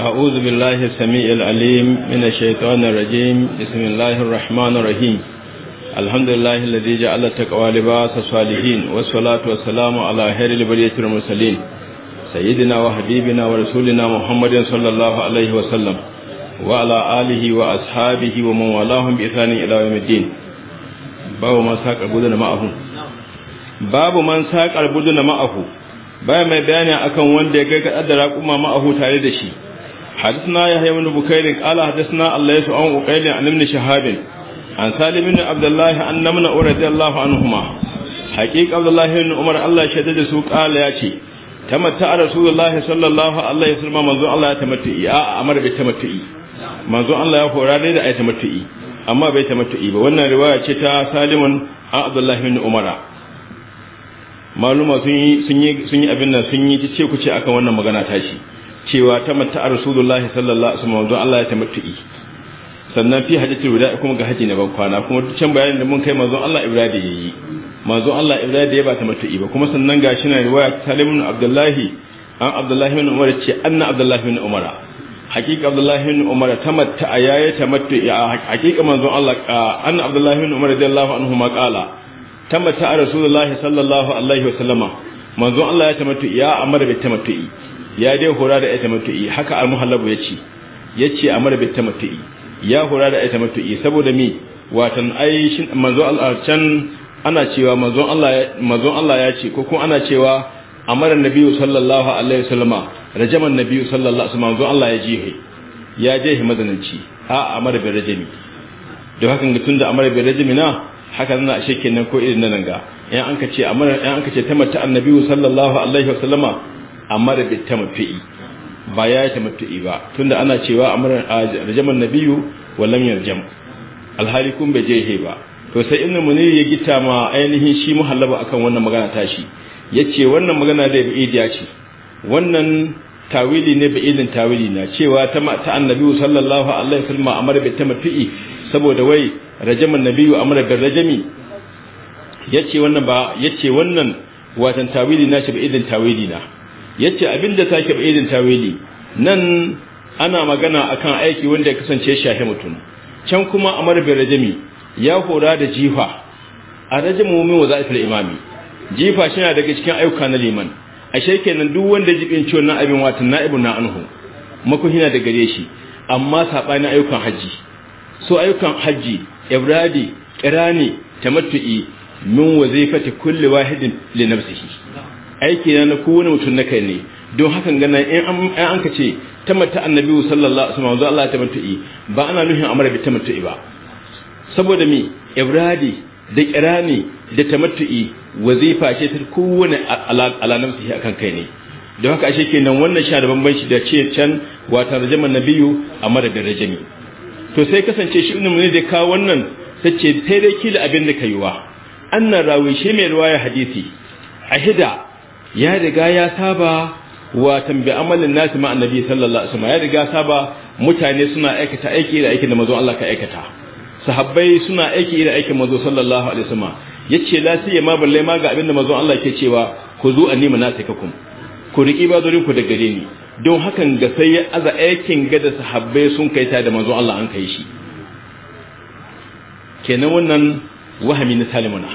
أعوذ بالله السميع العليم من الشيطان الرجيم بسم الله الرحمن الرحيم الحمد لله الذي جعل التقوى لباس الصالحين والصلاة والسلام على خير البرية المرسلين سيدنا وحبيبنا ورسولنا محمد صلى الله عليه وسلم وعلى آله وأصحابه ومن والاهم بإحسان إلى يوم الدين باب من ساق البدن معه باب من ساق البدن معه baya mai bayani akan wanda ya kai kadar raƙuma ma'ahu tare da shi حدثنا يحيى بن بكير قال حدثنا الليث عن عقيل عن ابن شهاب عن سالم بن عبد الله أن من رضي الله عنهما حقيق عبد الله بن عمر الله شدد سو قال ياتي tamatta a رسول الله صلى الله عليه وسلم من ذو الله amar bai امر manzo من ذو الله dai da اي tamattu'i اما بي tamattu'i با wannan riwaya ce ta Salimun an Abdullah ibn Umar maluma sun yi sun yi abin nan sun yi ce ku ce akan wannan magana ta shi cewa ta a rasulullahi sallallahu alaihi Allah ya sannan fi kuma ga na ban kwana kuma can bayanin da mun kai manzon Allah Ibrahim yayi manzon Allah Ibrahim ya ba ba kuma sannan na riwaya Abdullahi an Abdullahi ce Abdullahi hakika Abdullahi a yayi hakika Allah Abdullahi radiyallahu anhu ma a rasulullahi sallallahu alaihi manzon Allah ya ya amara ya dai hura da ita matu'i haka al-muhallabu yace yace amara bi tamattu'i ya hura da ita matu'i saboda mi watan ai shin manzo Allah can ana cewa manzo Allah manzo Allah ya ce ko kuma ana cewa amara nabiyyu sallallahu alaihi wasallama rajaman nabiyyu sallallahu alaihi wasallam manzo Allah ya jihe ya jihe madananci a amara bi rajami don haka ga tunda amara bi rajami na haka nan ashe kenan ko irin nan ga in an ka ce amara in an ka ce ta mata annabi sallallahu alaihi wasallama amma da bitta mafi'i ba ya ta mafi'i ba tunda ana cewa amran rajaman wa wallam yarjam alhali kun bai je ba to sai ibn munir ya gita ma ainihin shi muhallaba akan wannan magana tashi yace wannan magana da idiya ce wannan tawili ne idin tawili na cewa ta ta annabi sallallahu alaihi wasallam amara bi ta mafi'i saboda wai rajaman nabiyyu amara bi rajami yace wannan ba yace wannan watan tawili na shi idin tawili na yace abin da take ba idin tawili nan ana magana akan aiki wanda ya kasance shahi mutum can kuma amar bin rajami ya hora da jifa a rajamu min wazaifil imami jifa shi daga cikin ayyuka na liman ashe kenan duk wanda jibin ciwon nan abin watan ibu na anhu makuhina da gare shi amma sabanin ayyukan haji so ayyukan haji ibradi kirani tamattu'i min wazifati kulli wahidin li nafsihi aiki na na kowane mutum na kai ne don hakan gana in an ka ce mata annabi sallallahu alaihi wasallam Allah ya tamattu'i ba ana nuhin amara bi tamattu'i ba saboda mi ibradi da kirani da ta tamattu'i wazifa ce ta kowane su shi akan kai ne don haka ashe kenan wannan sha da bambanci da ce can wata rajaman nabiyu a madadin rajami to sai kasance shi ibn munir da kawo wannan sace sai dai kila abin da kayuwa annan rawi shi mai ruwaya hadisi A ahida ya riga ya saba wa tambi amalin nasi ma annabi sallallahu alaihi wasallam ya riga saba mutane suna aikata aiki da aikin da manzon Allah ka aikata sahabbai suna aiki da aikin manzon sallallahu alaihi wasallam yace la sai ma balle ma ga abin da manzon Allah ke cewa ku zu anni manasikakum ku riki dorin ku da gare ni don hakan ga sai ya aza aikin ga da sahabbai sun kai ta da manzon Allah an kai shi kenan wannan wahami na salimuna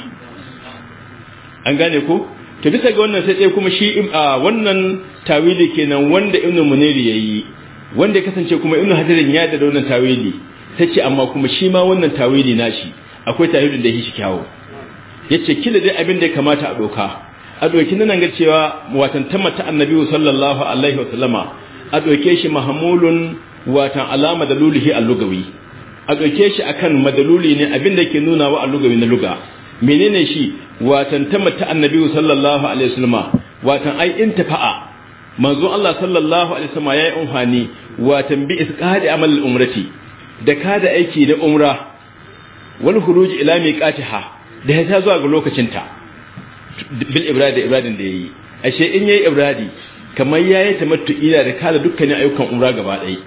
an gane ku? to bisa ga wannan sai dai kuma shi a wannan tawili kenan wanda ibnu munir yayi wanda kasance kuma ibnu hajarin ya da wannan tawili tace amma kuma shi ma wannan tawili nashi akwai tawilin da yake kyawo yace kila dai abin da ya kamata a doka a doki nan ga cewa watan tamata annabi sallallahu alaihi wasallama a doke shi mahmulun watan alama da al lugawi. a doke shi akan madaluli ne abin da ke nuna wa lugawi na luga menene shi watan ta mata annabi sallallahu alaihi wasallam watan ai intifa'a manzo Allah sallallahu alaihi wasallam yayi umhani watan bi isqadi amal umrati da kada aiki da umra wal khuruj ila miqatiha da ya ta zuwa ga lokacin ta bil ibradi ibradin da yayi ashe in yayi ibradi kamar yayi tamattu ila da kada dukkanin ayyukan umra gaba ɗaya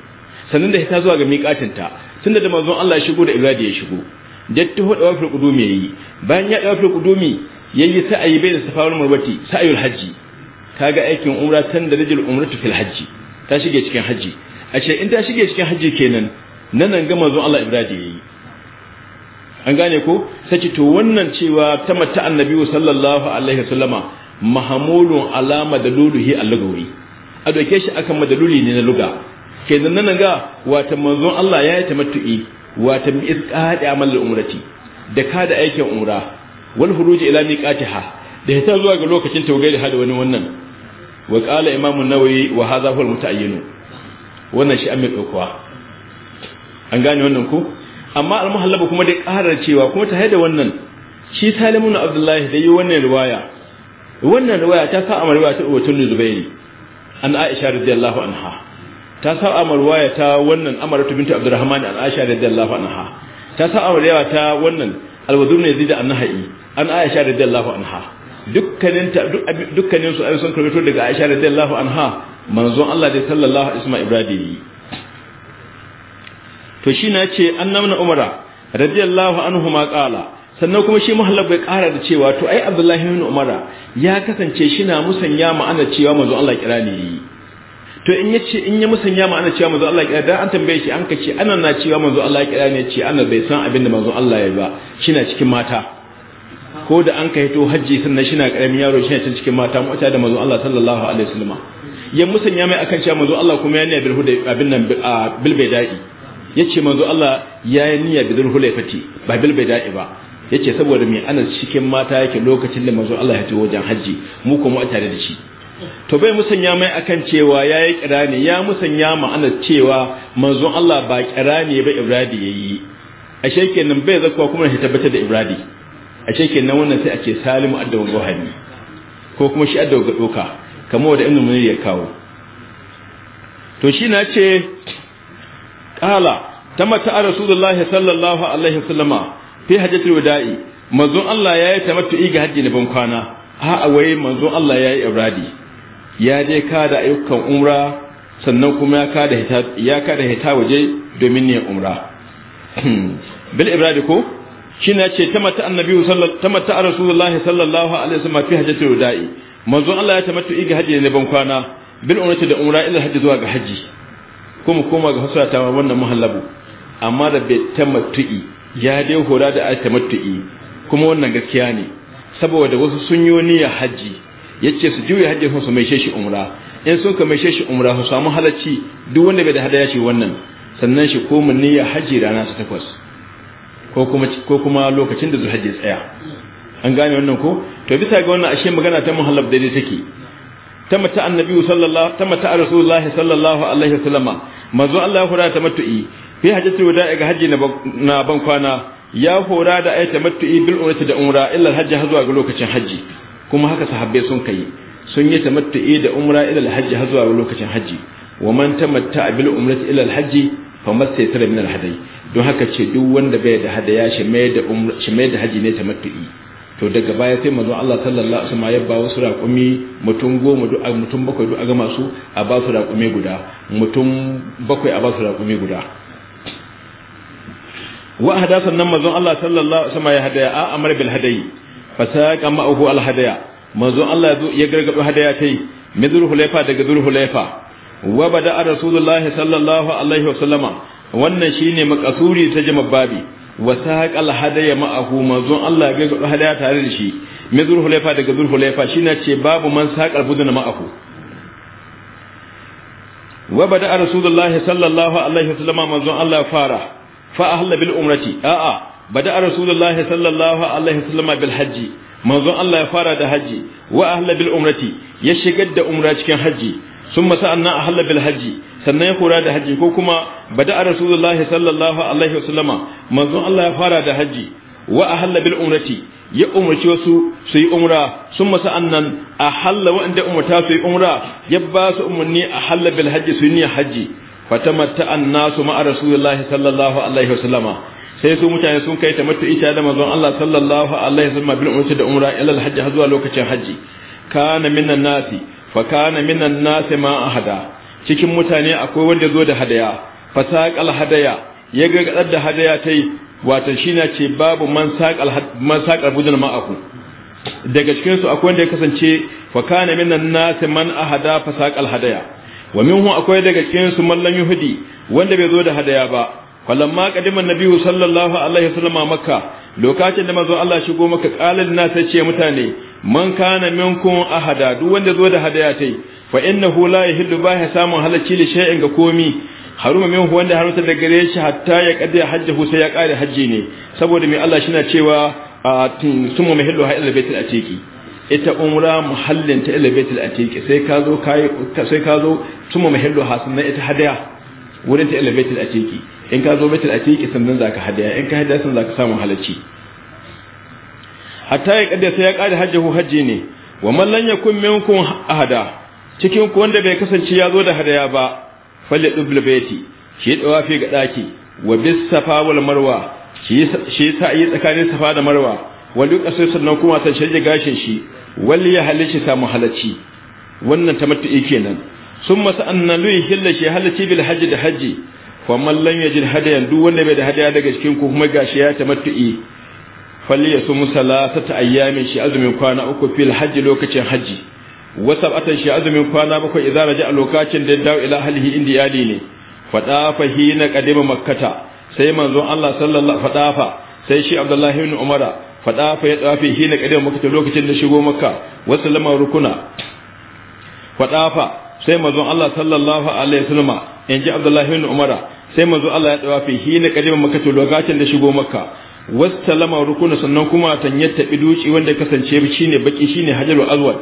sannan da ya ta zuwa ga miqatin ta tunda da manzon Allah ya shigo da ibradi ya shigo jattuhu da wafil qudumi yayi bayan ya dawo qudumi yayi sa'ayi bai da safarul marwati sa'ayul hajji kaga aikin umra tan da rajul umratu fil hajji ta shige cikin hajji ce in ta shige cikin hajji kenan nan ga manzon Allah ibrahim yayi an gane ko sace to wannan cewa ta mata annabi sallallahu alaihi wasallama mahamulun alama da luluhi allugawi a doke shi akan madaluli ne na luga kenan nan ga wata manzon Allah ya yi tamattu'i wata miqati amal umrati da ka da aikin umra wal huruj ila miqatiha da hita zuwa ga lokacin tawgari hada wani wannan wa qala imam an-nawawi wa hadha huwa al ayyano wannan shi an mai dokuwa an gane wannan ko amma al-muhallaba kuma da ƙarar cewa kuma ta haida wannan shi salimun abdullahi da yi wannan riwaya wannan riwaya ta sa amar riwaya ta ubutun zubairi an aisha radiyallahu anha ta sa ma ya ta wannan amaratu bintu abdurrahman al aisha radiyallahu anha ta saba ruwaya ta wannan ne zida an nahai an aisha radiyallahu anha dukkanin ta dukkanin su sun karbato daga aisha radiyallahu anha manzon Allah da sallallahu alaihi wasallam ibrahim to shi na ce an umara radiyallahu anhu ma qala sannan kuma shi muhallab bai kara da cewa to ai abdullahi ibn umara ya kasance shi na musanya ma'ana cewa manzon Allah kirani to in yace in ya musanya ma ana cewa manzo Allah ya da an tambaye shi an kace ana na cewa manzo Allah ya kira ne ce ana bai san abin da manzo Allah ya ba shina cikin mata ko da an kai to haji sannan shina karamin yaro shina cikin cikin mata mu da manzo Allah sallallahu alaihi wasallam ya musanya mai akan cewa manzo Allah kuma ya niyya bil huda abin nan bil baidai yace manzo Allah ya yi niyya bil fati ba bil baidai ba yace saboda me ana cikin mata yake lokacin da manzo Allah ya tafi wajen haji mu kuma mu tare da shi to bai musanya mai akan cewa ya yi kira ne ya musanya ma'ana cewa manzon Allah ba kira ne ba ibradi ya yi a nan bai zakuwa kuma shi tabbatar da ibradi a nan wannan sai ake salimu salimu addawa ruhani ko kuma shi addawa ga doka kamar da inda munir ya kawo to shi na ce qala tamatta rasulullahi sallallahu alaihi wasallama fi hajjatul wada'i manzon Allah ya yi tamattu'i ga hajji na ban kwana a'a wai manzon Allah ya yi ibradi ya ka kada ayyukan umra sannan kuma ya kada hita ya kada hita waje domin ne umra hmm. bil ibradi ko shine ce tamatta annabi sallallahu tamatta rasulullahi sallallahu alaihi wasallam fi hajjatul wada'i manzon Allah ya tamatta iga hajji ne ban kwana bil umrati da umra ila hajji zuwa ga hajji kuma koma ga hasara ta wannan muhallabu amma da bai tamattu'i ya dai hora da tamattu'i kuma wannan gaskiya ne saboda wasu sun yi haji hajji yace su juye hajjin su mai shi umra in sun ka mai shi umra su samu halacci duk wanda bai da hada ya ce wannan sannan shi ko mun niyya haji rana ta takwas ko kuma ko kuma lokacin da zuhajji tsaya an gane wannan ko to bisa ga wannan ashe magana ta muhallab dai take mata annabi sallallahu mata rasulullahi sallallahu alaihi wasallam manzo Allah ya hura ta matu'i fi hajjatul wada'i ga haji na ban kwana ya hura da ayyata matu'i bil umrati da umra illa al hajji zuwa ga lokacin haji kuma haka sahabbai sun kai sun yi tamattu'i da umra ila alhajji har zuwa lokacin haji wa man tamatta bil umrati ila alhajji fa tara min alhadai don haka ce duk wanda bai da hadaya shi mai da umra shi mai da haji ne tamattu'i to daga baya sai manzon Allah sallallahu alaihi wasallam ya ba wasu raƙumi mutum goma duk mutum bakwai duk a ga masu a ba su raƙumi guda mutum bakwai a ba su raƙumi guda wa hadasan nan manzon Allah sallallahu alaihi wasallam ya hadaya a amar bil hadayi fasaqa ma'ahu alhadaya manzo Allah ya gargado hadaya tai min zulhulaifa daga zulhulaifa wa bada rasulullahi sallallahu alaihi wa sallama." wannan shine makasuri ta jama babi wa saqal hadaya ma'ahu manzo Allah ya gargado hadaya tare da shi min zulhulaifa daga zulhulaifa shine ce babu man saqal buduna ma'ahu wa bada rasulullahi sallallahu alaihi wa sallama. manzo Allah ya fara fa ahla bil umrati a'a bada rasulullahi sallallahu alaihi wasallam bil hajji manzon Allah ya fara da haji wa ahla bil umrati ya shigar da umra cikin haji summa sa'anna ahla bil haji sannan ya kora da haji ko kuma bada rasulullahi sallallahu alaihi wasallama manzon Allah ya fara da haji wa ahalla bil umrati ya umarci wasu su yi umra sun masa annan a halla waɗanda umarta su yi umra ya ba su umarni a halla bil hajji su yi hajji fatamatta annasu ma'a rasulullahi sallallahu alaihi wasallama sai su mutane sun kai ta mata ita da manzon Allah sallallahu alaihi wasallam bil umrati da umra ila al hajji zuwa lokacin haji kana minan nasi fa kana minan nasi ma ahada cikin mutane akwai wanda zo da hadaya fa saqal hadaya ya ga da hadaya tai wato shine ce babu man saqal man saqal ma aku daga cikin su akwai wanda ya kasance fa kana minan nasi man ahada fa saqal hadaya wa minhu akwai daga cikin su mallan yuhudi wanda bai zo da hadaya ba falamma qadima nabiyyu sallallahu alaihi wasallam makka lokacin da manzo Allah shigo maka qalil na sai ce mutane man kana minkum ahada duk wanda zo da hadaya tai fa innahu la yahillu bahi samun halacci da sha'in ga komai haruma minhu wanda haramta da gare shi hatta ya qadi hajjahu sai ya kare hajji ne saboda mai Allah shi na cewa summa mahillu ha ila baitul atiqi ita umra muhallin ta ila baitul atiqi sai ka zo kai sai ka zo summa mahillu ha ita hadaya wurin ta ila baitul atiqi in ka zo baitul atiqi sannan zaka hadaya in ka hadaya sannan zaka samu halacci hatta ya kadai sai ya kada hajjahu hajji ne wa man lan yakun minkum ahada cikin ku wanda bai kasance ya zo da hadaya ba falle dubul baiti shi da wafi ga daki wa bis safa wal marwa shi shi sa'i tsakanin safa da marwa wa duka sai sannan kuma san shirje gashin shi wal ya halici samu halacci wannan tamattu'i kenan summa sa'anna lui hilla shi halacci bil hajji da hajji wa man lam yajid hadayan duk wanda bai da hadaya daga cikin ku kuma gashi ya tamattu'i Fali ya sumu ta ayyamin shi azumin kwana uku fil hajji lokacin hajji wa sab'atan shi azumin kwana bakwai idan raja a lokacin da dawo ila ahlihi indi yali ne fadafa hina kadima makkata sai manzon Allah sallallahu fa sai shi Abdullah ibn Umara fa ya hi hina kadima makkata lokacin da shigo makka wa sallama rukuna fa sai manzon Allah sallallahu alaihi wasallam ji Abdullah ibn Umara sai manzo Allah ya tawafi hina kadima makatu lokacin da shigo makka wassalama rukuna sannan kuma tan ya tabi duci wanda kasance shine baki shine hajarul azwad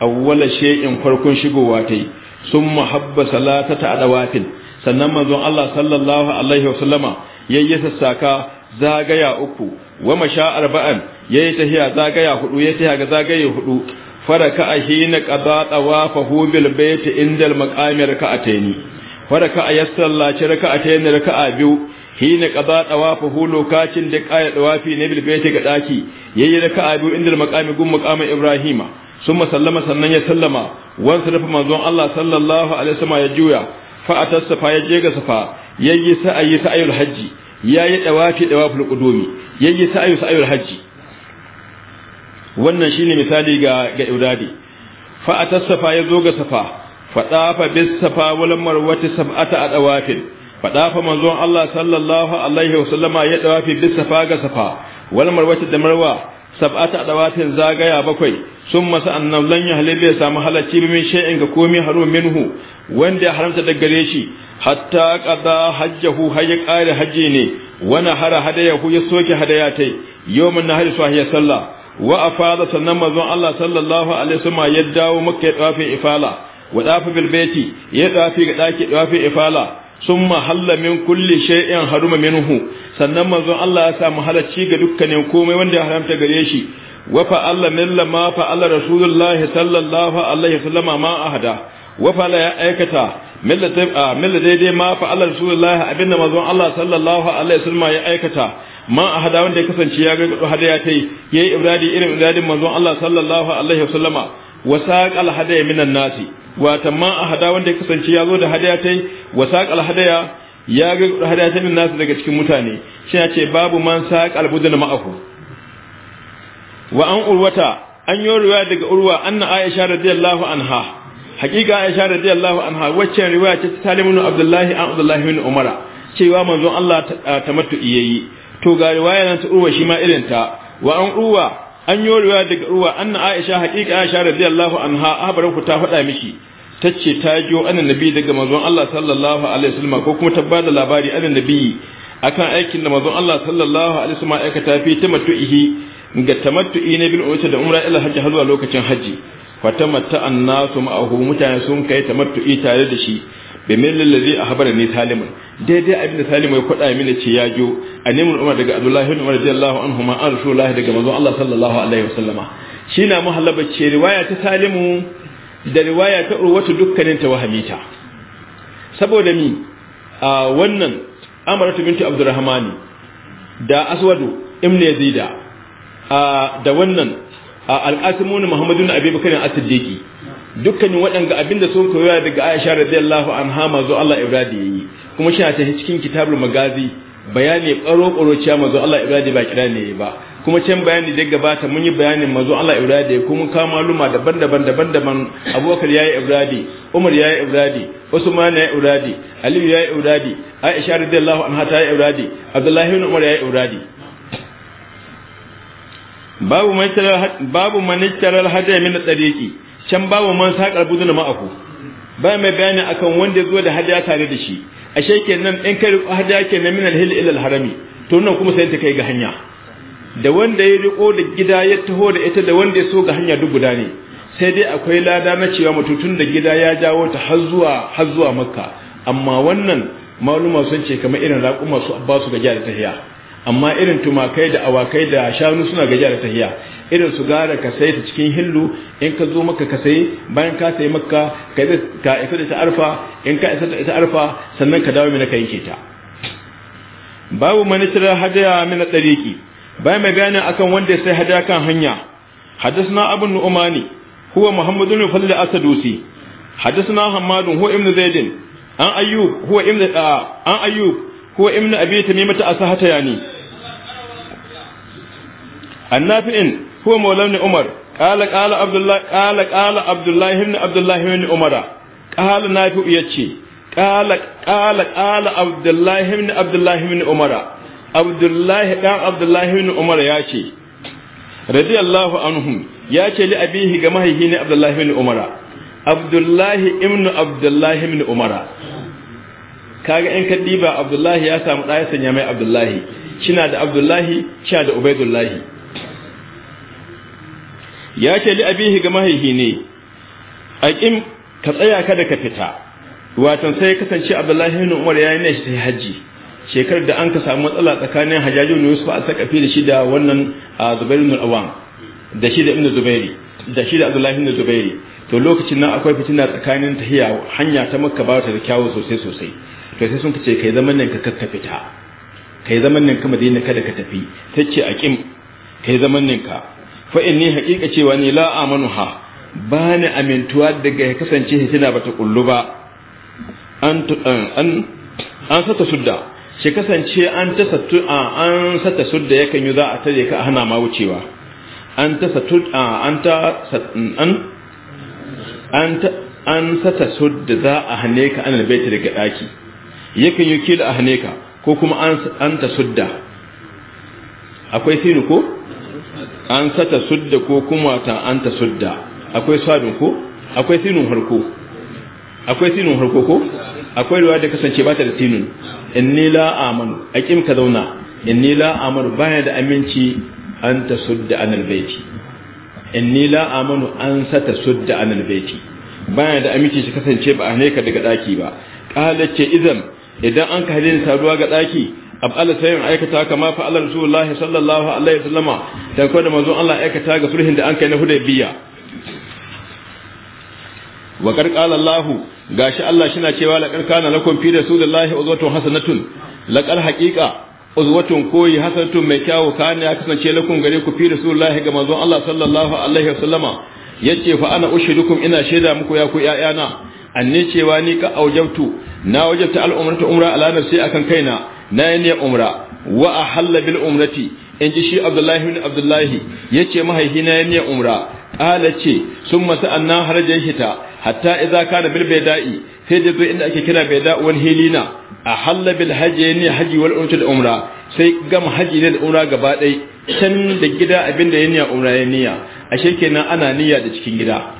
awwala shay'in farkon shigowa tai summa salata ta adawafin sannan manzon Allah sallallahu alaihi wa ya yi sassaka zagaya uku wa masha arba'an yayi tahiya zagaya hudu yayi tahiya ga zagaye hudu faraka ahina qada tawafahu bil bayt indal a taini. faraka a yasallaci raka'a ta yin raka'a biyu hina qada tawafuhu lokacin da kaya tawafi ne ga ɗaki. Ya yi yayi raka'a biyu inda makami gun makamin ibrahima summa sallama sannan ya sallama wan sarfa manzon Allah sallallahu alaihi wasallam ya juya fa a atasafa ya je ga safa yi sa'ayi sa'ayul hajji Ya yi yayi tawafi tawaful qudumi yayi sa'ayi sa'ayul hajji wannan shi ne misali ga ga ibradi fa atasafa ya zo ga safa fadafa bis safa wal marwati sab'ata adawafin fadafa manzon Allah sallallahu alaihi wasallam ya dawafi bis safa ga safa wal marwati da marwa sab'ata adawatin zagaya bakwai summa sa'annan lan yahlil ya samu halacci min shay'in ga komai haruminhu. wanda ya haramta daga gare shi hatta qada hajjahu hayya qari haji ne wa nahara hadayahu ya soke hadayatai yawmun nahari sahiya sallah wa'a afada sannan manzon Allah sallallahu ya dawo makka ya ifala wa dafa bil baiti ya dafi ga daki dafi ifala summa halla min kulli shay'in haruma minhu sannan manzon Allah ya samu halacci ga dukkanin komai wanda ya haramta gare shi wa fa Allah milla ma fa Allah rasulullahi sallallahu alaihi wasallam ma ahada wa fa la ya aikata milla daidai ma fa Allah rasulullahi abinda manzon Allah sallallahu alaihi wasallam ya aikata ma a wanda ya kasance ya ga hada ya tai yayi ibradi irin ibradin manzon Allah sallallahu alaihi wasallama wasaq alhadaya minan nasi watan ma a hada wanda ya kasance ya zo da hadaya tai wasaq alhadaya ya ga hadaya ta nasi daga cikin mutane shi ya ce babu man saq albudun ma'ahu wa an urwata an yi riwaya daga urwa anna aisha radiyallahu anha hakika aisha radiyallahu anha wacce riwaya ce ta Salim ibn Abdullah an Abdullah ibn Umar cewa manzon Allah ta tamattu iyayi to ga riwaya nan ta urwa shi ma irin ta wa an urwa an yi riwaya daga ruwa anna aisha haqiqa aisha radiyallahu anha ahbaran ku ta faɗa miki tace ta jiyo annabi daga manzon Allah sallallahu alaihi wasallam ko kuma ta bada labari annabi akan aikin da manzon Allah sallallahu alaihi wasallam aikata fi tamatuhi ga tamattu'i ne bil uta da umra ila hajji har zuwa lokacin hajji tamatta annasu ma'ahu mutane sun kai tamattu'i tare da shi bi millil ladhi ahbara ni salimun daidai abin da salimu ya kwada mini ce ya jo animul umar daga abdullahi ibn umar radiyallahu anhu ma an lahi daga manzon Allah sallallahu alaihi wasallama shi na muhallaba ce riwaya ta salimu da riwaya ta urwatu dukkanin ta wahamita saboda mi a wannan amaratu bintu abdurrahmani da aswadu ibn yazida da wannan al'asimun muhammadu na abin as asiddiki dukkanin waɗanda abinda sun koya daga aisha radiyallahu anha zo Allah ibradi yi. kuma shi ta cikin kitabul magazi bayani karo karo cewa mazo Allah ibradi ba kira ne ba kuma can bayani da gabata mun yi bayanin mazo Allah ibradi ko mun kama maluma daban-daban daban-daban Abubakar yayi ibradi Umar yayi ibradi Usman yayi ibradi Ali yayi ibradi Aisha radiyallahu anha ta yi ibradi Abdullahi ibn Umar yayi ibradi babu man tarar babu man hada min tsareki can babu man saqal budul ma'ahu ba mai bayani akan wanda zo da hada tare da shi ashe kenan in kai hada kenan min al-hil ila harami to nan kuma sai ta kai ga hanya da wanda ya riko da gida ya taho da ita da wanda ya so ga hanya duk guda ne sai dai akwai lada na cewa mutum da gida ya jawo ta har zuwa har zuwa makka amma wannan maluma sun ce kamar irin raƙuma su ba su jihar da tahiya amma irin tumakai da awakai da shanu suna gajiya da tahiya irin su gara ka sai ta cikin hillu in ka zo maka ka sai bayan ka sai maka ka isa da ita arfa in ka isa da ita arfa sannan ka dawo mina ka yanke ta babu manitira hadaya mina tsariki bayan mai bayani akan wanda ya sai hadaya kan hanya حدثنا abu النعمان huwa muhammadu بن فضل asadusi حدثنا حماد huwa ابن zaidin an ayyub huwa ابن ah, an ayyub ko imni abi asa hata yani annafi'in ko Maulani umar qala qala abdullah qala qala abdullah ibn abdullah ibn umara qala nafi'u yace qala qala qala abdullah ibn abdullah ibn umara abdullahi dan abdullahi ibn umar ya ce radiyallahu anhum ya ce li abihi ga mahaihi ne abdullahi ibn umara abdullahi ibn abdullahi ibn umara kaga in ka diba abdullahi ya samu ɗaya sanya mai abdullahi kina da abdullahi kina da ubaidullahi ya ce li abihi ga mahaihi ne aqim ka tsaya kada ka fita watan sai kasance abdullahi ibn umar ya yi ne shi haji shekarar da an ka samu matsala tsakanin hajjaju ne yusuf a sakafi da shi da wannan zubairu ibn awam da shi da ibn zubairi da shi da abdullahi ibn zubairi to lokacin nan akwai fitina tsakanin tahiya hanya ta makka ba ta da kyawu sosai sosai to sai sun ce kai zaman nan ka kakka fita kai zaman nan ka madina kada ka tafi sai ce aqim kai zaman nan ka fa inni haqiqa cewa ni la amanuha ba ni amintuwa daga ya kasance shi tana bata kullu ba an an an sata sudda shi kasance an ta sattu an sata sudda yakan yi za a tare ka a hana ma wucewa an ta sattu an ta an an ta an sata sudda za a hane ka an albaita daga daki yakan yi kila a hane ka ko kuma an ta sudda akwai sinu ko an sata sudda ko kuma ta an ta sudda akwai sadun ko akwai sinun harko akwai sinun harko ko akwai ruwa da kasance ba ta da sinun inni nila amanu aqim ka zauna inni nila amanu baya da aminci an ta sudda an albaiti inni nila amanu an sata sudda an albaiti baya da aminci shi kasance ba a hane ka daga daki ba ƙalace izan idan an ka hadin saduwa ga daki sai sayin aikata kama fa Allah rasulullahi sallallahu alaihi wasallama dan ko da manzon Allah aikata ga sulhin da an kai na hudaybiya wa kar qala Allah gashi Allah shina cewa la kar kana lakum fi rasulillahi uzwatun hasanatun laqal haqiqa uzwatun koyi hasanatun mai kyawu kana ya kasance lakum gare ku fi rasulullahi ga manzon Allah sallallahu alaihi wasallama yace fa ana ushidukum ina shaida muku ya ku ƴaƴana anni cewa ni ka aujabtu na wajabta al'umrata umra ala nafsi akan kaina na yi umra wa ahalla bil umrati in ji shi abdullahi bin abdullahi ya ce na yi niyyar umra ƙala ce sun masu annan harajen hita hatta iza kana bil baida'i sai da zo inda ake kira baida wal helina a halla bil haji ne haji wal umra umra sai gama haji ne da umra gaba ɗai can da gida abinda ya niyan umra ya niyya ashe kenan ana niyya da cikin gida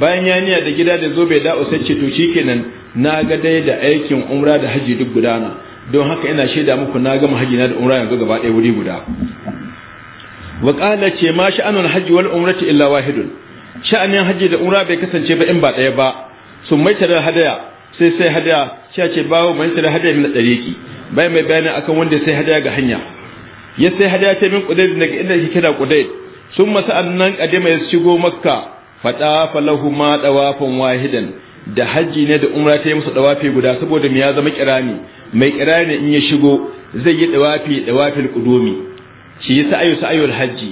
bayan ya niya da gida da zo bai da sai ce to shi shikenan na ga dai da aikin umra da haji duk gudana don haka ina shaida muku na gama haji na da umra yanzu gaba ɗaya wuri guda wa qala ce ma sha'anul haji wal umrati illa wahidun sha'anin haji da umra bai kasance ba in ba ɗaya ba sun mai tare hadaya sai sai hadaya cewa ce bawo mai tare hadaya min ki bai mai bayani akan wanda sai hadaya ga hanya ya sai hadaya ta min qudayd daga inda yake kira qudayd sun masa annan kadima ya shigo makka fatafa lahuma dawafan wahidan da haji ne da umra ta yi masa dawafi guda saboda me ya zama kirani mai kirani in ya shigo zai yi dawafi dawafil qudumi shi yi sa'ayu sa'ayul haji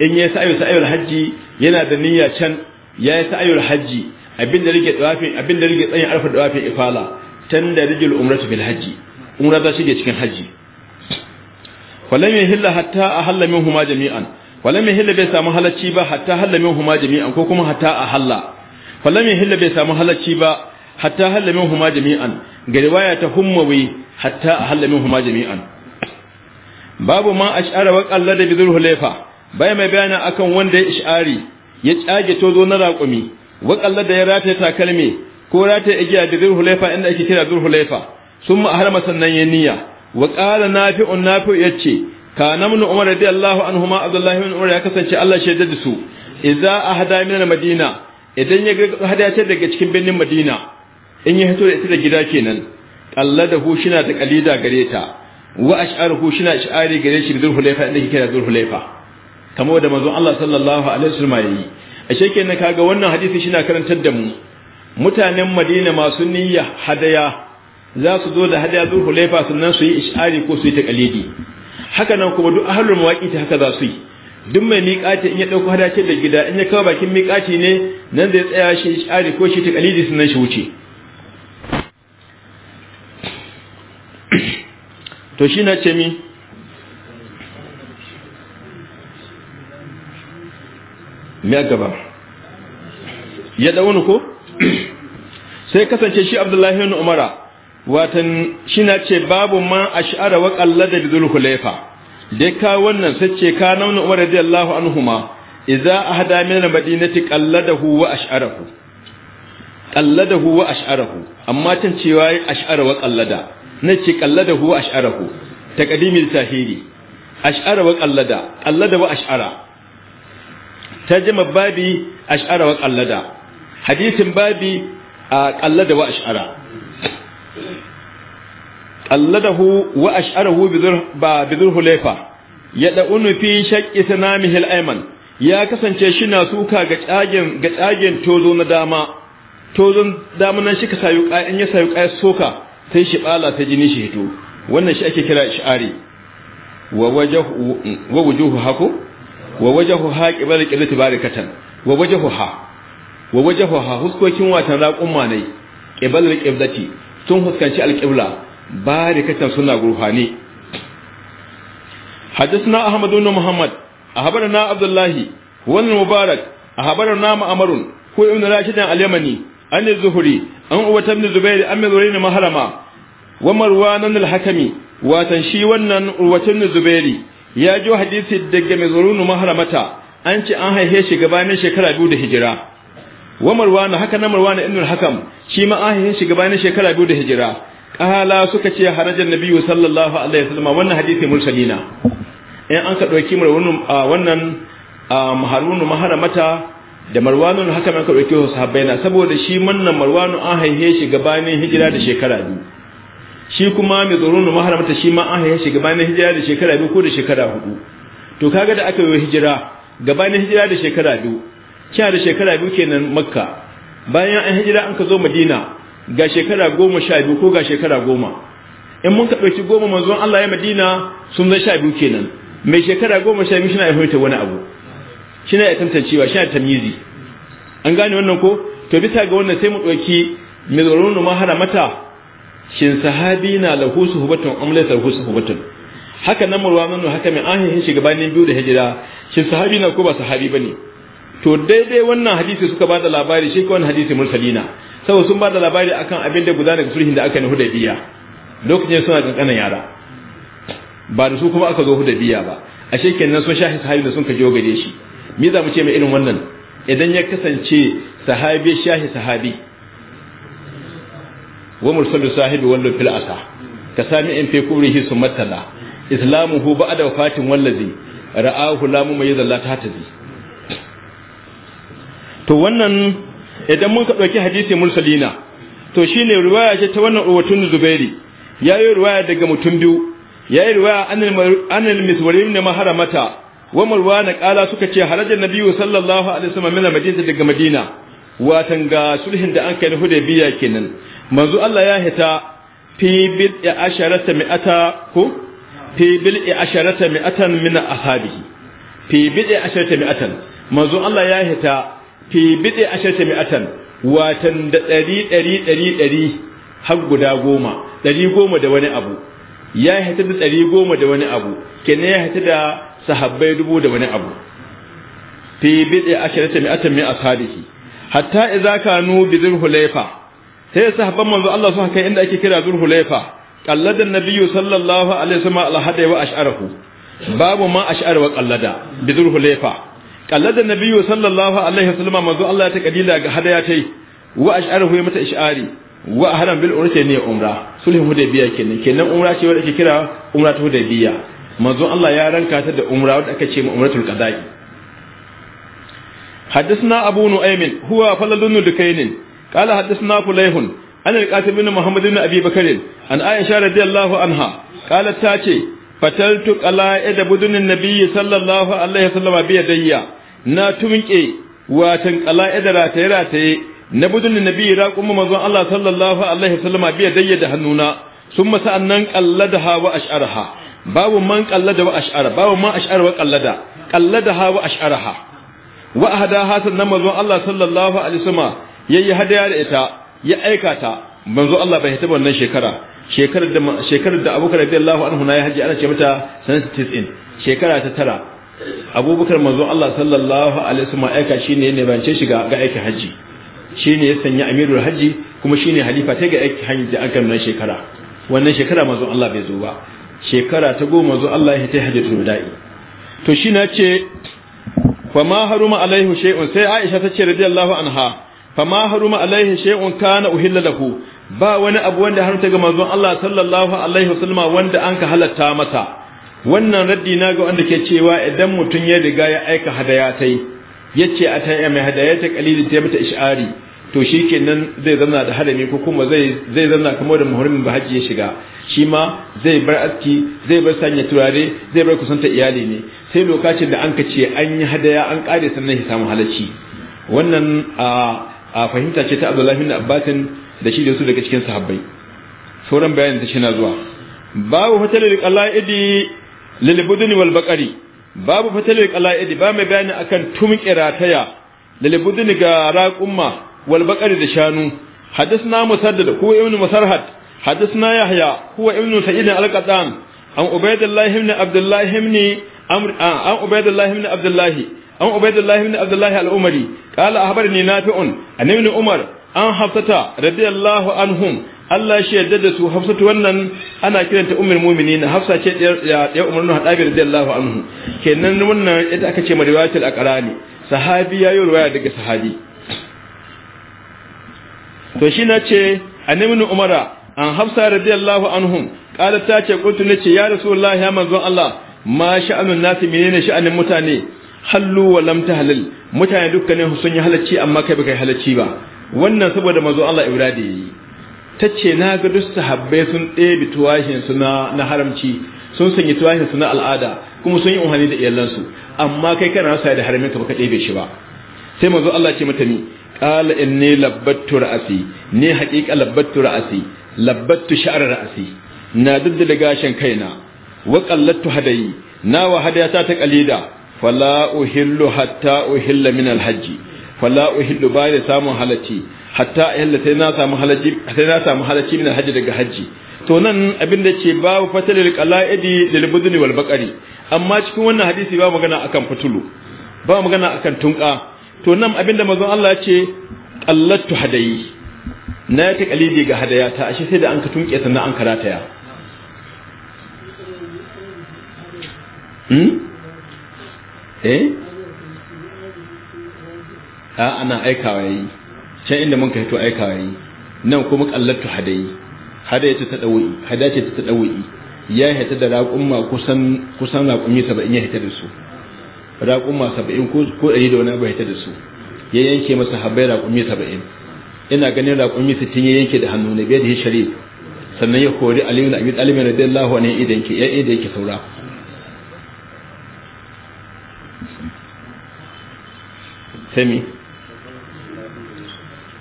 in yi sa'ayu sa'ayul haji yana da niyya can ya yi sa'ayul haji abinda rike dawafin abinda rike tsayin alfa dawafin ifala tan da rijul umratu bil haji umra za shige cikin haji falam yahilla hatta ahalla huma jami'an falam yahilla bai samu halacci ba hatta halla huma jami'an ko kuma hatta a halla falam yahilla bai samu halacci ba hatta halla huma jami'an ga riwaya ta hummawi hatta a halla huma jami'an babu ma ash'ara wa da bi dhulhulayfa bai mai bayana akan wanda ya ish'ari ya tsage tozo na raƙumi wa da ya ta takalmi ko rataye igiya da dhulhulayfa inda ake kira dhulhulayfa summa harama sannan ya niyya wa qala nafi'un nafi'u yace kana ibn umar radiyallahu ma abdullahi ibn umar ya kasance Allah shaidar da su idza ahada min madina idan ya ga hadace daga cikin birnin madina in ya hito da ita gida kenan qalladahu shina da qalida gare ta wa ash'aruhu shina ash'ari gare shi da zulhulaifa inda kike da zulhulaifa kamar da manzon Allah sallallahu alaihi wasallam yayi ashe kenan kaga wannan hadisi shina karantar da mu mutanen madina masu niyya hadaya za su zo da hadaya zulhulaifa sannan su yi ish'ari ko su yi ta taqalidi haka nan kuma duk ahlul ta haka za su yi duk mai miƙati in ya dauko hadacin da gida in ya kawo bakin miƙati ne nan zai tsaya shi shari ko shi taqalidi sunan shi wuce to shi na ce mi me gaba ya dawo ko sai kasance shi Abdullahi ibn Umara watan na ce babu ma ash'ara wa qallada bidul khulaifa dai ka wannan sace ka nauna umar radiyallahu anhuma idza ahada min madinati qalladahu wa ash'arahu qalladahu wa ash'arahu amma tun cewa ash'ara wa qallada ce qalladahu wa ash'arahu taqdimil tahiri ash'ara wa qallada qallada wa ash'ara tajma babi ash'ara wa qallada hadithin babi qallada wa ash'ara qalladahu wa ash'arahu bi dhul hulaifa ya da'unu fi shaqqi sanamihi al-ayman ya kasance shi na suka ga tsagen ga tsagen tozo na dama tozon dama nan shi ka sayu ƙayan ya sayu ƙayan soka sai shi bala ta jini shi hito wannan shi ake kira shi'ari wa wajahu wa wujuhu haku wa wajahu ha qibala barakatan wa wajahu ha wa wajahu ha huskokin watan raqumma ne qibala qiblati Sun fuskanci alƙibla ba da kacin suna ruhani hadisuna ahmadu na muhammad a habar na abdullahi wani mubarak a habar na ma'amarun ko ibn rashidin al-yamani an yi zuhuri an uwa tamni an mai ni maharama wa marwanan al-hakami watan shi wannan uwa tamni zubairu, ya jo hadisi daga mai zuru maharamata an ce an haife shi gabanin shekara biyu da hijira wa marwana haka na marwana ibn al-hakam shi ma ahihin shi gabanin shekara biyu da hijira qala suka ce harajan nabiyyu sallallahu alaihi wasallam wannan hadisi mursalina in an ka dauki marwanun wannan harunu maharamata da marwanun haka man ka dauki wasu sahabbaina saboda shi wannan marwanu an shi gabanin hijira da shekara biyu shi kuma mai tsoronu maharamata shi ma an shi gabanin hijira da shekara biyu ko da shekara hudu to kaga da aka yi hijira gabanin hijira da shekara biyu kina da shekara biyu kenan makka bayan an hijira an ka zo madina ga shekara goma sha biyu ko ga shekara goma in mun ka ɗauki goma manzon Allah ya madina sun zai sha biyu kenan mai shekara goma sha biyu shi na ya furta wani abu shi na ya tantancewa shi na tamyizi an gane wannan ko to bisa ga wannan sai mu ɗauki mai tsoron ma haramata shin sahabi na lahu suhubatun amlata lahu suhubatun haka nan murwa nanu haka mai ahihin shugabanin biyu da hijira shin sahabi na ko ba sahabi bane to daidai wannan hadisi suka bada labari shi ko wannan hadisi mursalina saboda sun bada labari akan abin da gudana ga sulhin da aka yi hudaybiya lokacin suna kankanan yara ba da su kuma aka zo hudaybiya ba A shekin nan sun shahi sahabi da sun ka jiyo gare shi me za mu ce mai irin wannan idan ya kasance sahabi shahi sahabi wa mursalu sahibi wallu fil asa ka sami in fi kubrihi sumatala islamuhu ba'da wafatin wallazi ra'ahu lamu mayyizan la tahtazi to wannan idan mun ka dauki hadisi mursalina to shine riwaya ce ta wannan urwatun zubairi ya yi riwaya daga mutum biyu ya yi riwaya anil miswarin ne maharamata wa marwana kala suka ce harajar nabiyyu sallallahu alaihi wasallam min madinati daga madina watan ga sulhin da an kai hudaybiya kenan manzo Allah ya hita fi bil asharata mi'ata ko fi bil asharata mi'atan min ahadihi fi bil asharata mi'atan manzo Allah ya hita fi bid'i ashrata mi'atan watan da ɗari ɗari ɗari ɗari har guda goma ɗari goma da wani abu ya hita da ɗari goma da wani abu Kene ya hita da sahabbai dubu da wani abu fi bid'i ashrata mi'atan mi ashabihi hatta idza kanu bi dhulhulaifa sai sahabban manzo Allah su kai inda ake kira dhulhulaifa qallada an-nabiyyu sallallahu alaihi wasallam al hadai wa ash'arahu babu ma ash'ar wa qallada bi dhulhulaifa da nabiyu sallallahu alaihi wasallam manzo Allah ya ta kadila ga hadaya tai wa ash'aruhu ya mata ish'ari wa haram bil urfi ne umra sulhu hudaybiya kenan kenan umra ce wanda ake kira umra ta hudaybiya manzo Allah ya ranka ta da umra wanda aka ce umratul qada'i حدثنا أبو نعيم هو فلل بن دكين قال حدثنا فليح عن القاسم بن محمد بن أبي بكر عن عائشة رضي الله عنها قالت تاتي فتلت على يد بدن النبي صلى الله عليه وسلم بيديّ na tumke watan qala'ida rataye rataye na budun nabi raqum manzon Allah sallallahu alaihi wasallama biya da hannuna sun summa sa'annan qalladaha wa ash'araha babu man qallada wa ash'ara babu man ash'ara wa qallada qalladaha wa ash'araha wa ahdaha sannan manzon Allah sallallahu alaihi wasallama yayi hadaya da ita ya aika ta manzon Allah bai hita wannan shekara shekarar da shekarar da Abu Bakar radiyallahu anhu na ya haji ana ce mata sanata 90 shekara ta tara abubakar manzon Allah sallallahu alaihi wasallam aika shine ya nebance shi ga aikin haji shine ya sanya amirul haji kuma shine halifa ta ga aikin haji da aka nan shekara wannan shekara manzon Allah bai zo ba shekara ta goma manzon Allah ya tai hajjatul wada'i to shi na ce fa ma haruma alaihi shay'un sai Aisha ta ce radiyallahu anha fa ma haruma alaihi shay'un kana uhilla lahu ba wani abu wanda haramta ga manzon Allah sallallahu alaihi wasallam wanda an ka halatta mata. wannan raddi na ga wanda ke cewa idan mutum ya riga ya aika hadaya ta yi ya ce a ta mai hadaya ta kalilin ta mata ishari to shi kenan zai zanna da harami ko kuma zai zanna kamar da muhurmin ba haji ya shiga shi ma zai bar aski zai bar sanya turare zai bar kusanta iyali ne sai lokacin da an ka ce an yi hadaya an kare sannan ya samu halacci wannan a fahimta ce ta abdullahi bin abbasin da shi da su daga cikin sahabbai sauran bayanin ta shi na zuwa babu fatar da idi lil buduni wal baqari babu fatalil qala'idi ba mai bayani akan tumqi rataya lil buduni ga raqumma wal baqari da shanu hadisna musaddad ko ibnu musarhad hadisna yahya huwa ibnu sa'id al-qattan an ubaydillah ibn abdullah ibn amr an ubaydillah ibn abdullah an ubaydillah ibn abdullah al-umari qala ahbarni nafi'un an ibn umar an hafsata radiyallahu anhum Allah shi yarda da su Hafsatu wannan ana kiranta ummul na Hafsa ce ɗaya Umar bin Hadabi radiyallahu anhu kenan wannan ita aka ce a aqrani sahabi ya yi ruwaya daga sahabi to shi na ce annabi Umara an Hafsa radiyallahu anhum qalat ta ce kuntu nace ya rasulullahi ya manzo Allah ma sha'anun nasi menene sha'anin mutane hallu wa lam tahlil mutane dukkanin sun yi halacci amma kai baka yi halacci ba wannan saboda manzo Allah ibradi ta ce na ga duk sahabbai sun ɗebe tuwahinsu na haramci sun sanya tuwahinsu na al'ada kuma sun yi unhani da iyalansu amma kai kana sa da haramin ka baka ɗebe shi ba sai manzo Allah ce mata ni qala inni labbattu ra'si ni haqiqa labbattu ra'si labbattu sha'r ra'si na daddada gashin kaina wa qallattu hadayi na wa hadayata ta qalida fala uhillu hatta uhilla min alhajji fala uhillu ba da samun hatta yalla sai na samu halaji sai na samu halaci min hajji daga hajji to nan abin da ce babu fatalil qala'idi lil budni wal baqari amma cikin wannan hadisi ba magana akan fatulu ba magana akan tunka to nan abin da manzon Allah ya ce qallatu hadayi na ta taqalidi ga hadaya ta ashe sai da an ka tunke sannan an karata ya hmm eh a ana aikawa yayi can inda mun kai to aika yayi nan kuma kallatu hadayi hadayi ta tadawi hadaya ta tadawi ya hita da raqumma kusan kusan raqumi 70 ya hita da su raqumma 70 ko ko 100 da wani ba hita da su ya yanke masa habai raqumi 70 ina ganin raqumi 60 ya yanke da hannu ne bai da sharif sannan ya kori Ali ibn Abi Talib radiyallahu anhu idan ke ya idan ke saura sai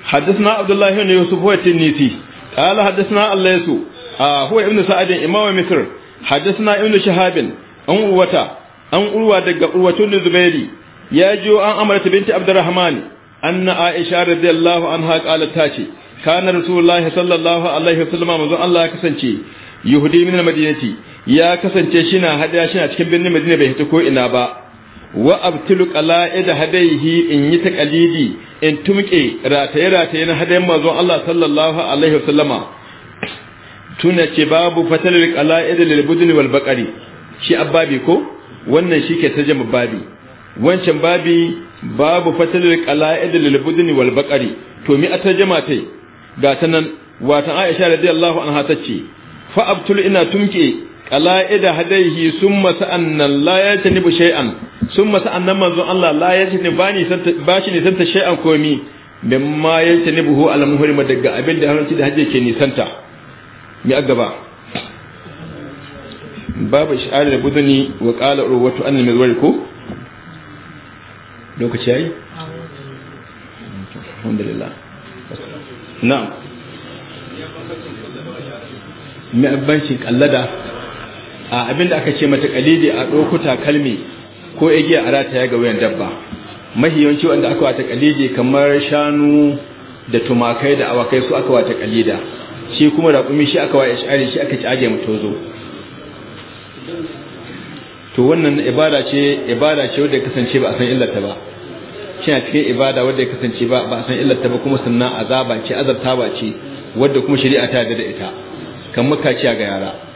حدثنا عبد الله بن يوسف هو التنيسي قال حدثنا الليث هو ابن سعد امام مصر حدثنا ابن شهاب ان قوتا ان قوه daga قوتun zubairi ya jiyo an amarta binti abdurrahman anna aisha radiyallahu anha qalat tace kana rasulullahi sallallahu alaihi wasallam manzo Allah ya kasance yahudi min madinati ya kasance shi na hada shi a cikin birnin madina bai hita ko ina ba wa abtilu qala'ida hadaihi in yi taqalidi in tumke rataye rataye na hadayen manzon Allah sallallahu alaihi wasallama tuna ce babu fatalil qala'ida lil budni wal baqari shi abbabi ko wannan shi ke tajama babi wancan babi babu fatalil qala'ida lil budni wal baqari to mi atajama tai ga tanan watan Aisha radiyallahu anha tace fa abtul ina tumke qala'ida hadaihi summa sa'annan la yatanibu shay'an summa sa'annan manzon Allah la yatanibu bani ba shi ne santa shay'an komi mimma buhu al muhrima daga abin da haramci da hajji ke nisanta mi agaba babu shi'ar da buduni wa qala urwatu annal mizwari ko lokaci yayi alhamdulillah na'am mai abbancin kallada a abinda aka ce mata kalidi a dokuta kalmi ko igiya a rataya ga wuyan dabba yawanci wanda aka wata kalidi kamar shanu da tumakai da awakai su aka wata kalida shi kuma raƙumi shi aka waye shari shi aka ci age zo? to wannan ibada ce ibada ce wanda kasance ba a san illata ba a cikin ibada wanda ya kasance ba ba san illata ba kuma sannan azaba ce azabta ba ce wanda kuma shari'a ta da ita kan muka ci ga yara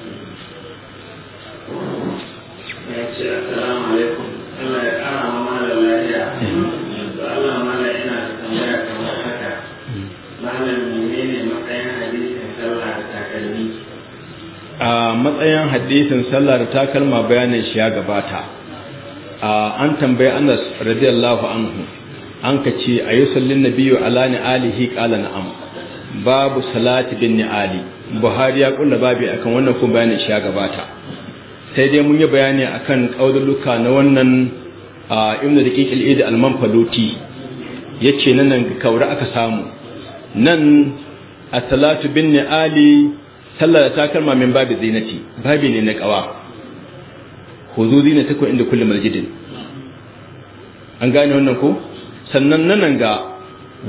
matsayin hadisin sallah da takalma bayanin shi ya gabata an tambayi anas radiyallahu anhu an ka ce a sallin nabiyyu ala ni alihi qala na'am babu salati bin ni ali buhari ya kulla babu akan wannan ko bayanin shi ya gabata sai dai mun yi bayani akan kauduluka na wannan ibnu daqiq id al-manfaluti yace nan nan kaura aka samu nan as-salatu bin ali sallah da takalma min babu zinati babi ne na kawa huzu zinatakum inda kullum masjidin an gane wannan ko sannan nan ga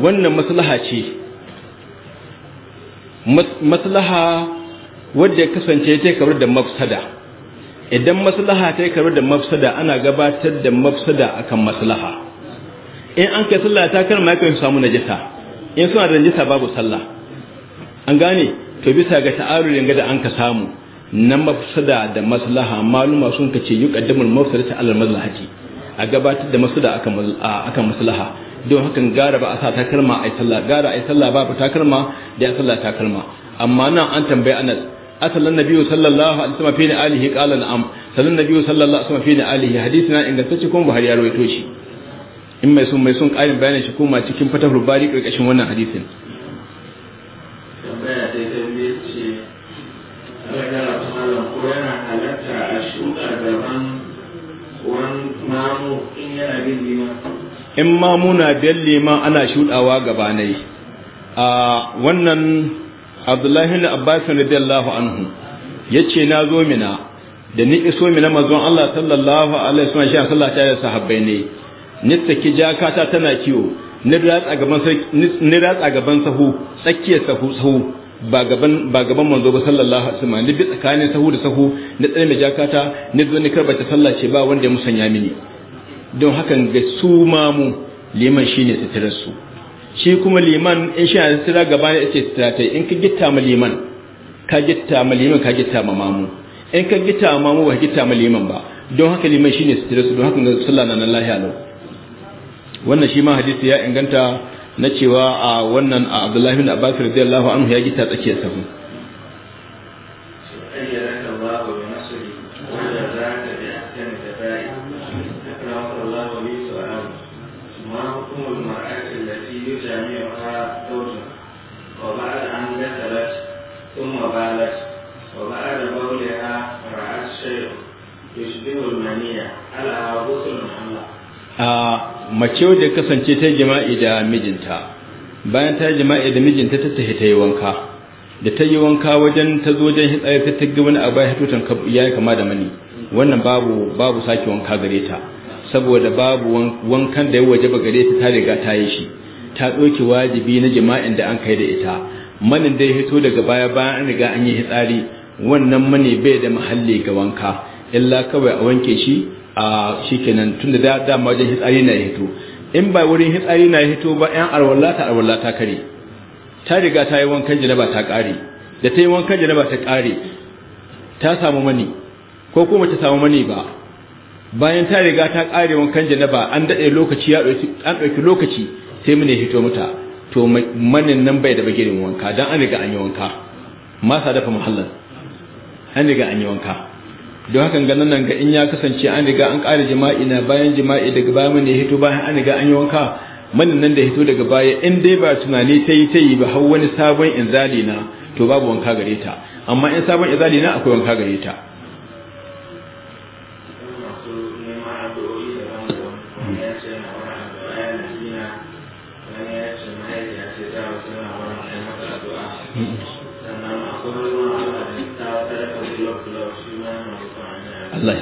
wannan maslaha ce maslaha wadda ya kasance ta kabar da mafsada idan maslaha ta kabar da mafsada ana gabatar da mafsada akan maslaha in an kai sallah ta kalma ya kai samu najasa in suna da najasa babu sallah an gane to bisa ga ta'arurin gada an ka samu na mafsada da maslaha maluma sun ka ce yuqaddamul mafsadata alal maslahati a gabatar da mafsada akan aka maslaha don hakan gara ba a sa takalma ai sallah gara ai sallah ba ba takalma da sallah takalma amma nan an tambaye anas asalan nabiyyu sallallahu alaihi wasallam fi alihi qala na'am salan nabiyyu sallallahu alaihi wasallam fi alihi hadithina ingantacce kun buhari ya rawaito shi in mai sun mai sun karin bayanin shi kuma cikin fatahul bari karkashin wannan hadisin tambaya gagara malam yana halatta a shuka gaban wani mamu in yana bin liman in mamu na bin liman ana shuɗawa gabanai a wannan abdullahi na abbasin radiyallahu anhu ya ce na zo mina da ni iso mina mazon allah sallallahu alaihi wasallam shi a sallata da sahabbai ne ni saki jakata tana kiwo ni ratsa gaban sahu tsakiyar sahu sahu ba gaban ba gaban manzo ba sallallahu alaihi wasallam bi tsakanin sahu da sahu na tsare mai jakata ne zo ne karbata sallah ce ba wanda ya musanya mini don hakan ga su mamu liman shine sitirar su shi kuma liman in shi na sitira gaba ne yace sitira tai in ka gitta ma liman ka gitta ma liman ka gitta ma mamu in ka gitta ma mamu ba gitta ma liman ba don haka liman shine sitirar su don hakan ga sallah na nan lahiya lau wannan shi ma hadisi ya inganta na cewa a wannan a abdullahi bin abbas radiyallahu anhu ya gita tsakiyar sahu mace wadda kasance ta jima'i da mijinta bayan ta jima'i da mijinta ta tafi ta yi wanka da ta yi wanka wajen ta zo wajen hitsari ta taggi wani abu ya hatutan ya yi kama da mani wannan babu babu sake wanka gare ta saboda babu wankan da ya waje ba gare ta ta riga ta yi shi ta ɗauki wajibi na jima'in da an kai da ita manin da ya hito daga baya bayan an riga an yi hitsari wannan mani bai da mahalli ga wanka illa kawai a wanke shi a shikenan tun da dama wajen hitsari na hito in ba wurin hitsari na hito ba yan arwallata arwallata kare ta riga ta yi wankan janaba ta kare da ta yi wankan janaba ta kare ta samu mani ko kuma ta samu mani ba bayan ta riga ta kare wankan janaba an dade lokaci ya dauki an dauki lokaci sai mune hito mata to manin nan bai da bagirin wanka dan an riga an yi wanka ma sa dafa muhallan an riga an yi wanka don hakan ganin nan ga in ya kasance an riga an ƙara jima'i na bayan jima'i daga baya mun ya hito bayan an riga an yi wanka manin nan da hito daga baya in dai ba tunani ta yi ta ba har wani sabon inzali na to babu wanka gare ta amma in sabon inzali na akwai wanka gare ta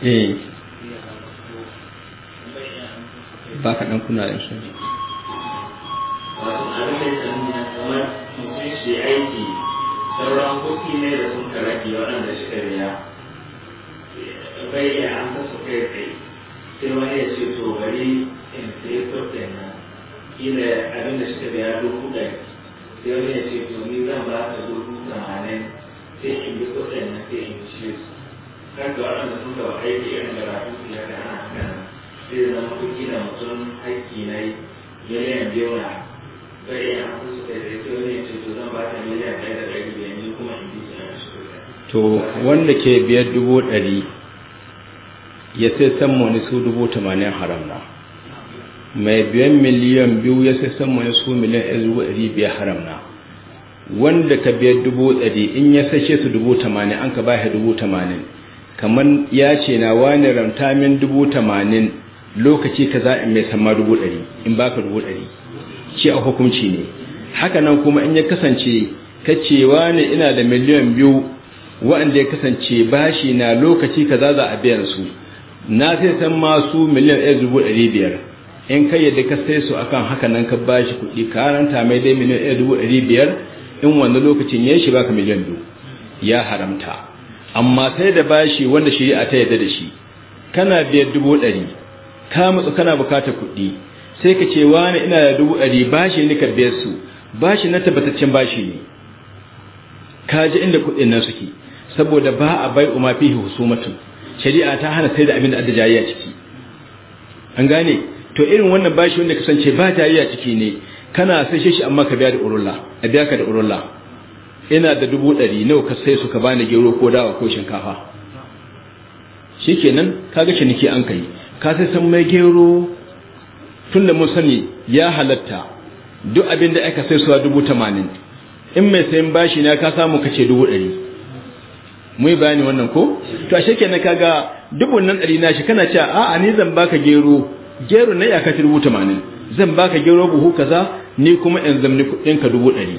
eh ba ka dan kuna a da shi aiki sauran kuɗi ne da sun karaki waɗanda shi kariya bai iya an su kai kai sai wani ya ce to bari in sai kuɗin na, kila abin da shi kariya dubu ɗari sai wani ya ce to ni zan ba ta dubu tamanin sai in bi kuɗin na sai in ci su kan da wannan sun da aiki irin da rafi su ya kana haka sai zama kuki da mutum haƙƙi na miliyan biyu na bai yin hakan su kai sai wani ya ce to zan ba ta miliyan ɗaya da ɗari biyar ni kuma in bi na su to wanda ke biyar dubu ɗari ya sai san wani su dubu tamanin haram na mai biyan miliyan biyu ya sai san wani su miliyan ɗaya zuwa ɗari biyar haram na wanda ka biyar dubu ɗari in ya sashe su dubu tamanin an ka ba shi dubu tamanin kaman ya ce na wani ranta min dubu tamanin lokaci ka za in mai sama dubu ɗari in baka dubu ɗari ce a hukunci ne haka nan kuma in ya kasance ka ce wani ina da miliyan biyu wa'anda ya kasance bashi na lokaci ka za a biyan su na sai san masu miliyan ɗaya dubu ɗari biyar in ka yadda ka sai su akan haka nan ka bashi kuɗi karanta mai dai miliyan ɗaya dubu ɗari biyar in wani lokacin ya shi baka miliyan biyu ya haramta amma sai da bashi wanda shari'a ta yarda da shi kana biyar dubu ɗari ka matsu kana bukata kuɗi sai ka ce wani ina da dubu ɗari bashi ne ka biya su bashi na tabbataccen bashi ne ka ji inda kuɗin nan suke saboda ba a bai umar fihi husumatu shari'a ta hana sai da abin da adda jayayya ciki an gane to irin wannan bashi wanda kasance ba a ciki ne kana sai shi amma ka biya da urulla a biya ka da urulla ina da dubu ɗari nawa ka sai suka bani gero ko dawa ko shinkafa Shi ke nan, kaga ciniki an kai ka sai san mai gero tun da mun sani ya halatta duk abin da aka sai suwa dubu tamanin in mai sayan bashi na ka samu kace dubu ɗari mu yi bayani wannan ko to a shekenan kaga dubu nan ɗari na shi kana cewa a'a ni zan baka gero gero na ya ka dubu tamanin zan baka gero buhu kaza ni kuma in zamni kuɗin ka dubu ɗari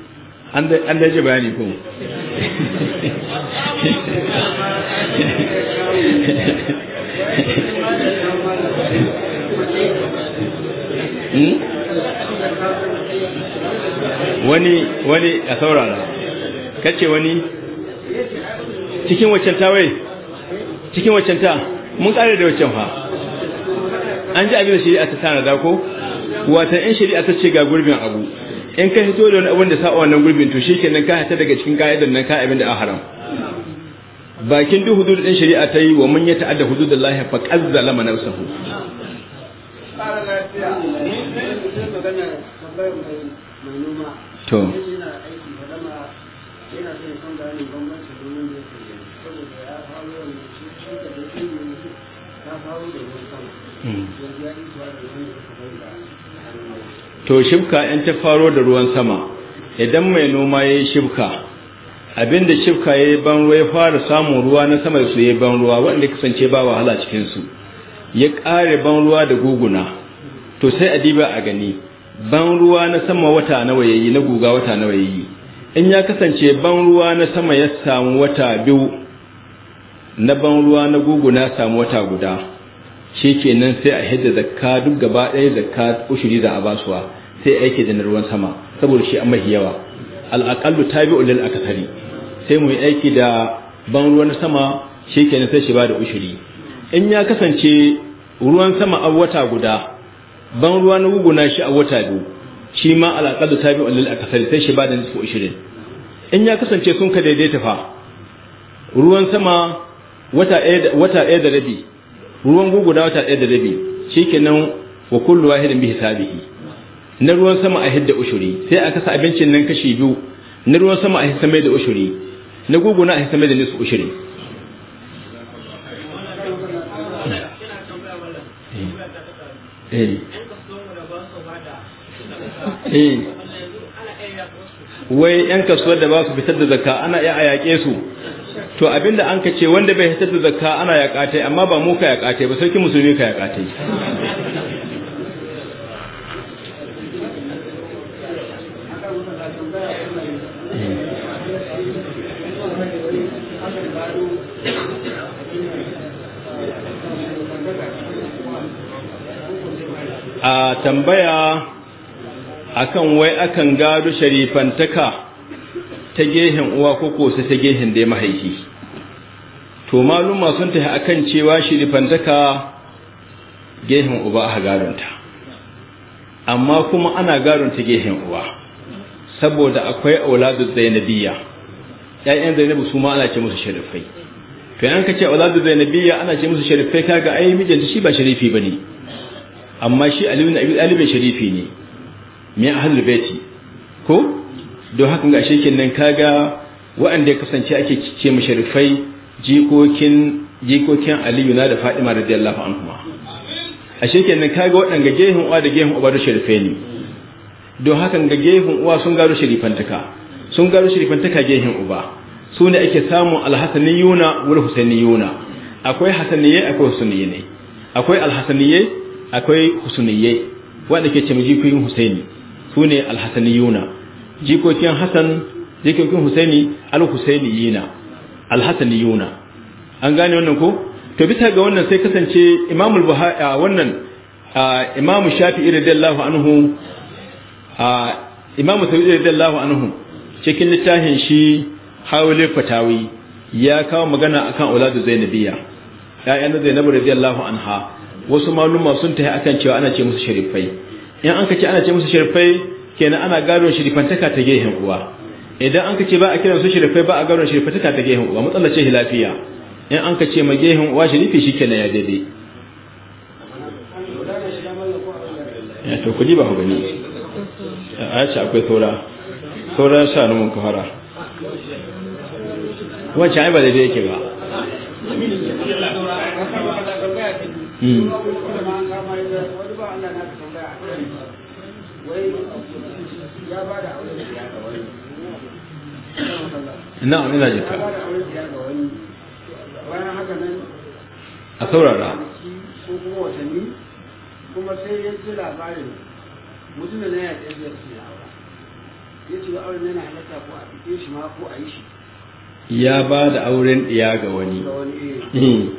an da ji bayani ko hmm? wani wani a saurara kace wani cikin waccan ta wai cikin waccan ta mun kare da waccan fa an ji abin da a ta tana da ko wata in shari'a ta ce ga gurbin abu in ka hito da wani abin da sa'a wannan gurbin to shi kenan ka hita daga cikin ka'idar nan ka abin da an haram bakin duk hudud din shari'a ta yi wa mun ya ta'adda hududallahi fa qad zalama nafsahu to Mm. to shibka in ta faro da ruwan sama idan mai noma ya yi shibka abinda shibka ya yi ban ruwa ya fara samun ruwa na sama su ya yi ban ruwa waɗanda kasance ba wahala cikinsu ya ƙare ban ruwa da guguna to sai a diba a gani ban ruwa na sama wata nawa ya yi na guga wata nawa ya yi? in ya kasance ban ruwa na sama ya samu wata biyu na ban ruwa na guguna samu wata guda nan sai a hidda zakka duk gaba ɗaya zakka ushuri za a basuwa sai aike da ruwan sama saboda shi an mahi yawa ta tabi'un lil akthari sai mu yi aiki da ban ruwan sama nan sai shi ba da ushuri in ya kasance ruwan sama a wata guda ban ruwa na guguna shi a wata biyu shi ma ta tabi'un lil akthari sai shi ba da nisfu ushirin. in ya kasance sun ka daidaita fa ruwan sama wata ɗaya da rabi ruwan gugu da wata ɗaya da rabi kenan wa kullu wahidin bi hisabihi na ruwan sama a hidda ushuri sai a kasa abincin nan kashi biyu na ruwan sama a hisa mai da ushuri na gugu na a hisa mai da nisu ushuri eh, eh. Eh. wai yan kasuwar da ba su fitar da zakka ana iya a yaƙe su to abinda an kace wanda bai hitar da zakka ana yaƙatai amma ba mu ka yaƙatai ba sarki musulmi ka yaƙatai a tambaya akan wai akan gado sharifantaka ta gehen uwa ko kosa ta gehen dai mahaifi to maluma sun tafi akan cewa shi rifantaka gehen uba a garunta amma kuma ana garunta gehen uba saboda akwai auladu zainabiyya ƴaƴan zainabu su ma ana ce musu sharifai to yan ka ce auladu zainabiyya ana ce musu sharifai kaga ai mijinta shi ba sharifi bane amma shi aliyu na abi talibin sharifi ne mai ahlul baiti ko don haka ga shekin nan kaga waɗanda ya kasance ake cice mu sharifai jikokin jikokin aliyu na da fadima radiyallahu anhuma a shekenan kaga waɗanda gehen uwa da gehen uba da sharife ne don hakan ga gehen uwa sun gado sharifantaka sun gado sharifantaka gehen uba su ne ake samun alhassaniyuna wal husaniyuna akwai Hassaniye akwai husaniye ne akwai Alhassaniye akwai husaniye wanda ke ce jikokin husaini su ne Yuna. jikokin hasan jikokin husaini alhussaniyina Yuna. an gane wannan ko to bisa ga wannan sai kasance imam al-buhari wannan imam shafi'i radiyallahu anhu imam sayyid radiyallahu anhu cikin littafin shi hawale fatawi ya kawo magana akan auladu zainabiyya ƴaƴan zainab radiyallahu anha wasu maluma sun tafi akan cewa ana ce musu sharifai in an kace ana ce musu sharifai kenan ana gado sharifantaka ta gehen uwa idan an kace ba a kiran su shirkai ba a garin shirfa ta ta gehin uwa matsalar ce lafiya in an kace ma gehen uwa ke na ya daidai ya to kuji ba ku gani a ce akwai saura saura sha numun kafara wacce ai ba daidai yake ba hmm. na'am ina jika a saurara sai ya ji labarin auren yana ya ga wani eh. hmm.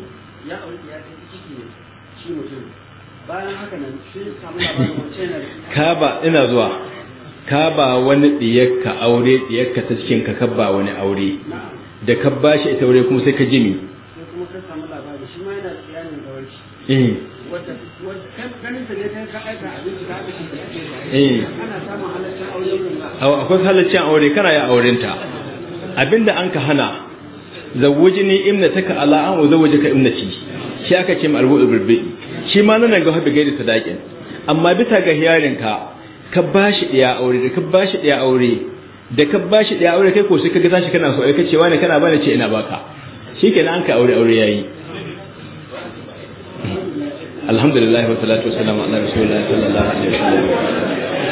ya ba ina zuwa ka ba wani diyakka aure diyakka ta cikin ka kabba wani aure da ka ba shi ita aure kuma sai ka jimi eh. eh. akwai halaccin aure kana ya aurenta abinda an ka hana ne zawujini imnataka ala an imna imnati shi aka ce ma albu ibirbi shi ma nan ga habi gaida sadakin amma bisa ga hiyarinka ka bashi ɗaya aure da ka bashi ɗaya aure da ka bashi ɗaya aure kai ko sai ka gaza shi kana so ai kace wani kana bani ce ina baka shikenan an ka aure aure yayi alhamdulillah wa salatu wa salam ala rasulillah sallallahu alaihi wasallam